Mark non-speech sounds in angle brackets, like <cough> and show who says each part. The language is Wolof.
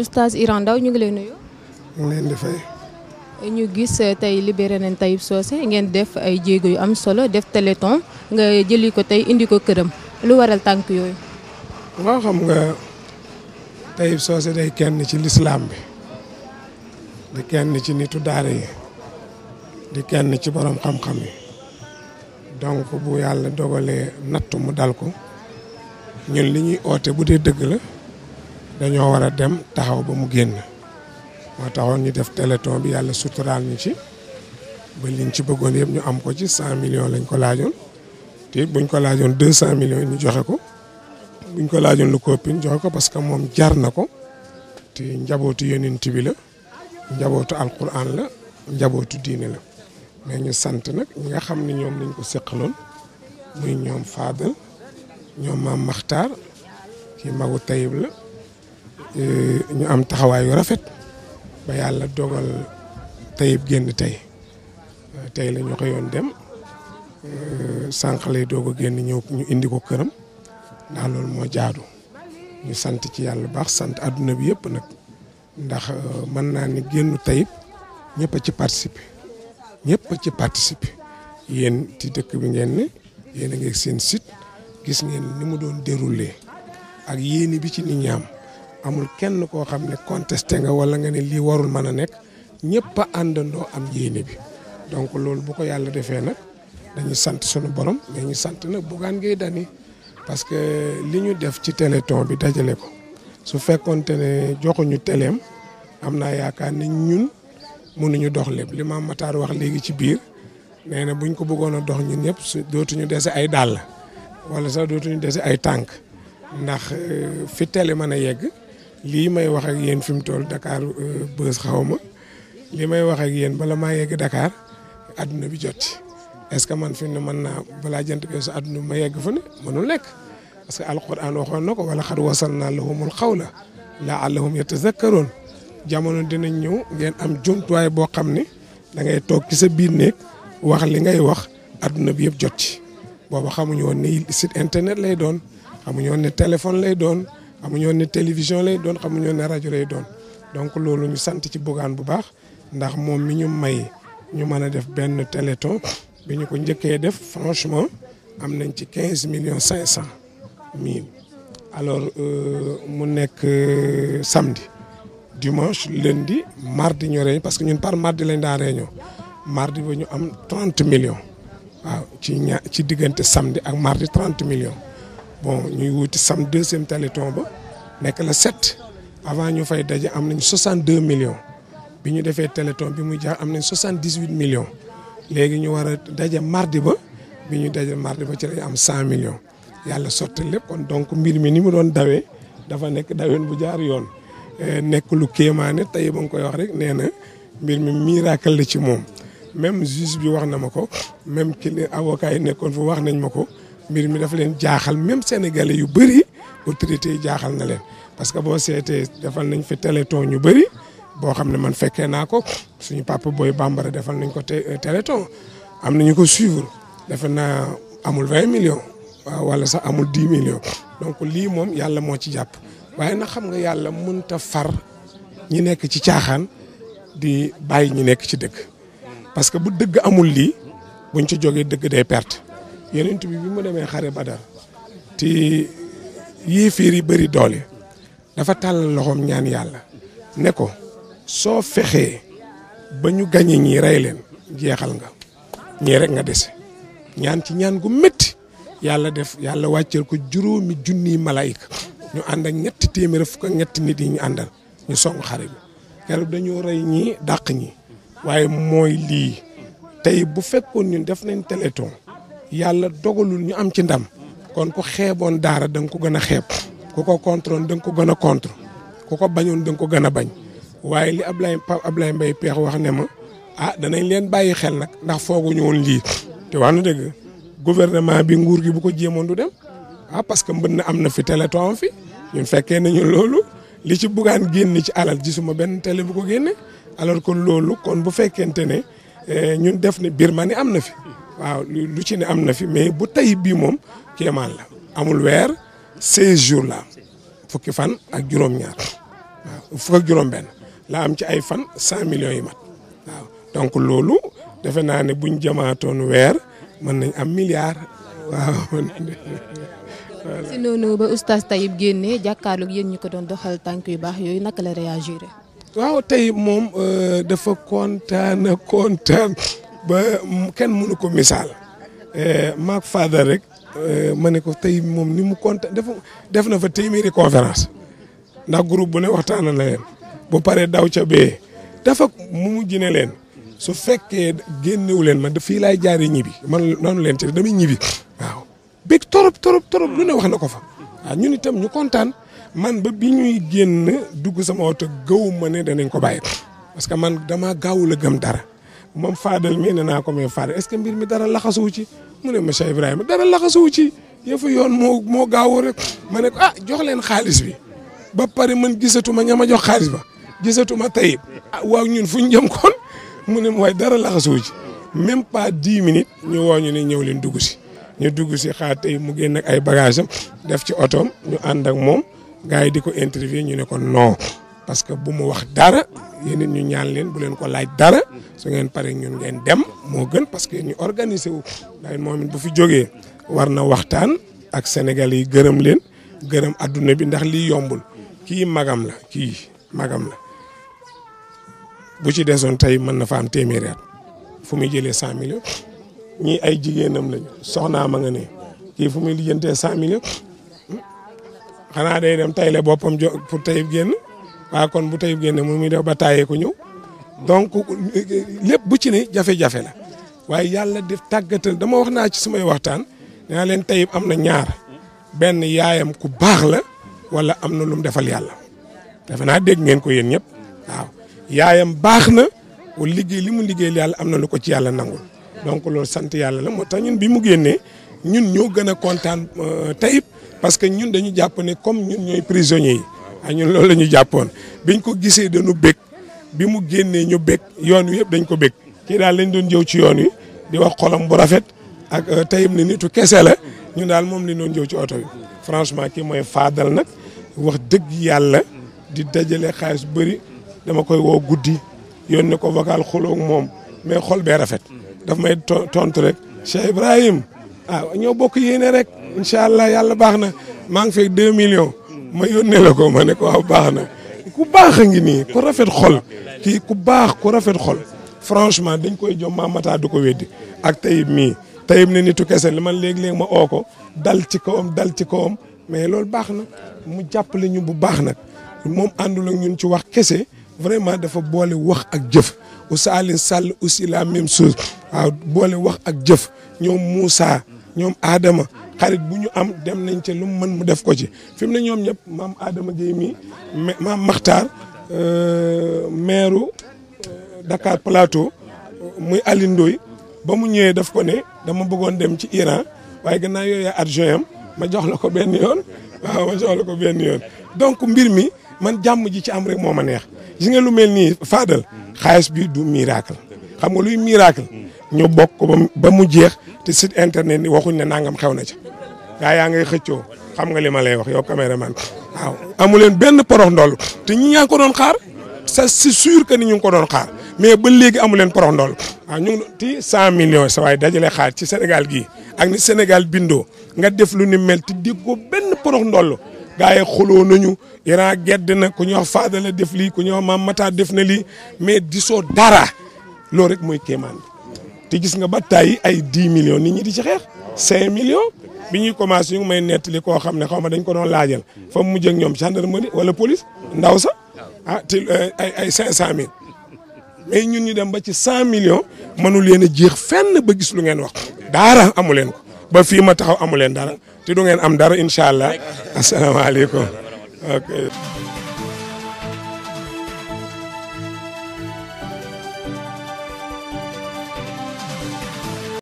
Speaker 1: Oustaz Iran Ndao ñu ngi lay nuyu. ñu leen di ñu gis eh, tey libéré nañ Taib Socé ngeen def ay jéego yu am solo def téléthon nga jëli ko tey indi ko këram lu waral tànk yooyu. waaw xam nga Taib Socé day kenn ci lislaam bi di kenn ci nitu daara yi di kenn ci borom xam-xam yi donk bu yàlla dogalee natt mu dal ko ñun li ñuy oote bu dee dëgg la. dañoo war a dem taxaw ba mu génn moo taxoon ñu def téléthon bi yàlla suturaal ñu ci ba liñ ci bëggoon yëpp ñu am ko ci cent million lañ ko laajoon te buñ ko laajoon deux cent millions ñu joxe ko buñ ko laajoon lu ko ñu joxe ko parce que moom jaar na ko te njabootu yonent bi la njabootu alquran la njabootu diine la mais ñu sant nag ñi nga xam ne ñoom lañ ko seqaloon muy ñoom faadal ñoom maam Maxtaar kii magu Tayib la. Eh, ñu am taxawaay yu rafet ba yàlla dogal tayib génn tey eh, tey la ñu xëyoon dem eh, sànq lay doog a génn ñëw ñu indi ko këram ndax loolu moo jaadu ñu sant ci yàlla bu baax sant àdduna bi yëpp nag ndax mën naa ni génnu tayib ñëpp a ci participer ñëpp a ci participer yéen ci dëkk bi ngeen ne yéen a ngi seen site gis ngeen ni mu doon déroulé ak yéeni bi ci ni ñi am amul kenn ko xamne ne contesté nga wala nga ni li warul mana nek ñepp andando am yene bi donc lool bu ko yalla defee nak dañu sante suñu borom mais sante nak bu gan Gueye dani parce que liñu def ci téléthon bi dajalé ko su fekkonté né joxuñu teleem am naa yaakaar ne ñun mënuñu dox lepp li maam Matar wax légui ci biir néna na buñ ko bëggono dox ñun ñepp dootuñu dese ay dal wala sax dootuñu dese ay tank ndax euh, fi télé mëna yegg lii may wax ak yéen fi mu toll Dakar euh, bës xaw ma lii may wax ak yéen bala maa yegg dakaar adduna bi jot est ce que man fi mu ne mën naa balaa jant bi sa adduna ma yegg fa ne mënul nekk parce que alquran waxoon na ko wala xad wasalna lahumul xawla laallahum yatazakkaroon jamono dinañ ñëw ngeen am jumtuwaay boo xam ne da ngay toog ci sa biir néeg wax li ngay wax adduna bi yëpp jot ci booba xamuñu woon ne site internet lay doon xamuñu woon ne téléphone lay doon. avons télévision lay doon radio lay doon donc lolu ñu sant ci Bougane bu baax ndax mom mi ñu may ñu def franchement am nañ ci 15 millions cinq alors euh, mu nekk euh, samedi dimanche lundi mardi parce que ñun par mardi mardi ba am millions waaw ci samedi ak mardi millions bon ñuy wuti sam deuxième téléthon ba nekk la sept avant ñu fay daje am nañ 62 millions bi ñu defee téléthon bi mu jaar am nañ 78 millions léegi ñu war a daje mardi ba bi ñu daje mardi ba ci lañ am cent millions yàlla sotti lépp kon donc mbir mi ni mu doon dawee dafa nekk daween bu jaar yoon eh, nekk lu kéemaane tey ba ngi koy wax nee na mbir mi miracle la ci moom même juge bi wax na ma ko même kii avocat yi nekkoon fu wax nañ ma ko. mbir mi dafa leen jaaxal même sénégalais yu bëri autorités yi jaaxal na leen parce que boo seetee defal nañ fi téléthon ñu bëri boo xam ne man fekkee naa ko suñu papa booy bambara defal nañ ko euh, téléthon am ñu ko suivre defe na amul vingt millions wala sax amul dix millions donc lii moom yàlla moo ci jàpp waaye nag xam nga yàlla mënut a far ñi nekk ci caaxaan di bàyyi ñu nekk ci dëgg parce que bu dëgg amul lii buñ ci jógee dëgg day perte yeneen bi bi mu demee xare badar te yéeféer yi bari doole dafa tàll loxoom ñaan yàlla ne ko soo fexee ba ñu gañe ñii rey leen jeexal nga ñii rek nga dese ñaan ci ñaan gu métti yàlla def yàlla wàcceel ko juróomi junniy malaayika ñu ànd ak ñetti téeméer fukk ak ñetti nit yi ñu àndal ñu song xare bi keroog dañoo rey ñii dàq ñi waaye mooy lii tey bu fekkoon ñun def nañ téléthon yàlla dogalul ñu am ci ndam kon ku xeeboon daara da nga ko gën a xeeb ku ko contrôle da nga ko gën a contre ku ko bañoon da nga ko gën a bañ waaye li ab Pape Ablaye Mbaye Peex wax ne ma ah danañ leen bàyyi xel nag ndax fooguñu woon lii te wax na dëgg gouvernement bi nguur gi bu ko jéemoon du dem ah parce que mbën na am na fi téléthon fi ñu fekkee nañu loolu li ci buggaan génn ci alal gisuma benn télé bu ko génne alors que loolu kon bu fekkente ne eh, ñun def ne Birmanie am na fi waaw lu ci ne am na fi mais bu tey bii moom kéemaan la amul weer seize jours la am fukki fan ak juróom-ñaar waaw fukk juróom-benn la am ci ay fan cent million yi mat waaw donc loolu defe naa ne buñ jamaatoon weer mën nañ am milliard waaw. si noonu ba oustaz Tayib génnee jàkkaarloog yéen ñu ko doon doxal tànk yu baax yooyu naka la réagir. waaw tey moom euh, dafa kontaan kontaan. ba kenn mënu ko misaal eh, maak Fadel rek eh, ma ne ko tey moom ni mu kontaan def def na fa téeméeri conférence ndax groupe bu ne waxtaana na leen bu paree daw ca bee dafa mu mujj ne leen soo fekkee génnewu leen man fii laay jaaree ñibi man noonu leen ci damay ñibi waaw bég torop torop torop lu ne wax na ko fa waaw ñun itam ñu kontaan man ba bi ñuy génn dugg sama oto gëw ma ne danañ ko bàyyi parce que man dama gaawul a gëm dara moom Fadel mii ne naa ko mais Fadel est que mbir mi dara laxasuwu ci mu ne monsieur Ibrahima dara laxasuwu ci yëfu yoon moo moo gaawoo rek ma ne ko ah jox leen xaalis bi ba pare man gisatuma ñama jox xaalis ba gisatuma tayib ah waaw ñun fu ñu jëm kon <laughs> mu ne waaye dara laxasuwu ci même pas dix minutes ñu woo ñu ne ñëw leen dugg si ñu dugg si xaar tey mu génn ak ay bagages def ci otoom ñu ànd ak moom gars yi di ko interview ñu ne ko non. parce que bu mu wax dara yéen ñu ñaan leen bu leen ko laaj dara su ngeen pare ñun ngeen dem moo gën parce que ñu organiser wu ndax moom it bu fi jógee war na waxtaan ak Sénégal yi gërëm leen gërëm adduna bi ndax lii yombul kii magam la kii magam la bu ci desoon tey mën na fa am téeméeri fu muy jëlee cent millions ñii ay jigéenam lañu soxnaa ma nga ne kii fu muy lijjantee cent millions xanaa day dem tay la boppam jo pour tey génn. waaw ah, kon bu tey génne mu muy def ba taayee ko ñëw donc lépp bu ci ne jafe-jafe la waaye yàlla def tàggatal dama wax naa ci sumay waxtaan naa leen am na ñaar benn yaayam ku baax la wala am na lu mu defal yàlla defe naa dégg ngeen ko yéen ñëpp waaw yaayam baax na wala liggéey li mu liggéey yàlla am na lu ko ci yàlla nangul donc loolu sant yàlla la moo tax ñun bi mu génnee ñun ñoo gën a kontaan euh, tayib parce que ñun dañu jàpp ne comme ñun ñooy prisonniers yi a ah, ñun loolu la ñu jàppoon ñu ko gisee danu bég bi mu génnee ñu bég yoon wi yëpp dañ ko bég kii daal lañ doon jëw ci yoon wi di wax xolam bu rafet ak euh, tayim ni nitu kese la ñun daal moom lañ doon jëw ci oto bi franchement kii mooy faadal nag wax dëgg yàlla di dajale xaalis bëri dama koy woo guddi yónnee ko vocal xuloo moom mais xol bee rafet daf may tontu rek Cheikh Ibrahim ah ñoo bokk yéene rek incha allah yàlla baax na maa ngi fekk 2 millions. ma yónnee la ko ma ne ko waaw baax na ku baax a ngi nii ku rafet xol kii ku baax ku rafet xol franchement dañ koy jom mataa du ko weddi ak tayib mii tayib ne nitu kese li man léeg-léeg ma oo ko dal ci kawam dal ci kawam mais loolu baax na mu jàppale ñu bu baax nag moom àndul ak ñun ci wax kese vraiment dafa boole wax ak jëf u Alioune Sall aussi la même chose waaw boole wax ak jëf ñoom Moussa ñoom Adama xarit bu ñu am dem nañ ca lu mu mën mu def ko ci fi mu ne ñoom ñëpp maam Adama Gueye mi maam Makhtar euh, maire euh, Dakar Plateau euh, muy Alioune Ndoye ba mu ñëwee def ko ne dama bëggoon dem ci Iran waaye gannaaw yooyu adjoint am ma jox ko benn yoon <laughs> waaw ma jox la ko benn yoon donc mbir mi man jàmm ji ci am rek moo ma neex gis lu mel nii faadal xaalis bi du miracle xam nga luy miracle ñu bokk ba mu jeex te site internet waxuñ ne nangam xew na ci gaa yaa ngay xëccoo xam nga li ma lay wax yow caméraman waaw amu leen benn porox ndoll te ñi ñaa ngi ko doon xaar sa c'est sûr que ni ñu ngi ko doon xaar mais ba léegi amuleen leen porox ndoll ti cent millions sa waay dajale xaar ci Sénégal gi ak ni Sénégal bindoo nga def lu ni mel te déggoo benn porox ndoll gaa yi xuloo nañu Iran gedd na ku ñuy wax Fadala def lii ku ñuy wax Mame def na lii mais disoo dara loolu rek mooy kéemaan te gis nga ba tàyyi ay dix millions nit ñi di ci xeex cinq bi ñuy commencé ñu ngi may nettali koo xam ne xaw ma dañ ko doon laajal foom mu mujj ak ñoom gendarmerie wala police ndaw sa ah te euh, ay ay cinq cent mille ñun ñu dem ba ci cent millions mënu leen a jeex fenn ba gis lu ngeen wax daara amu leen ko ba fii ma taxaw amu leen dara te du ngeen am dara incha allah asalaamaaleykum ok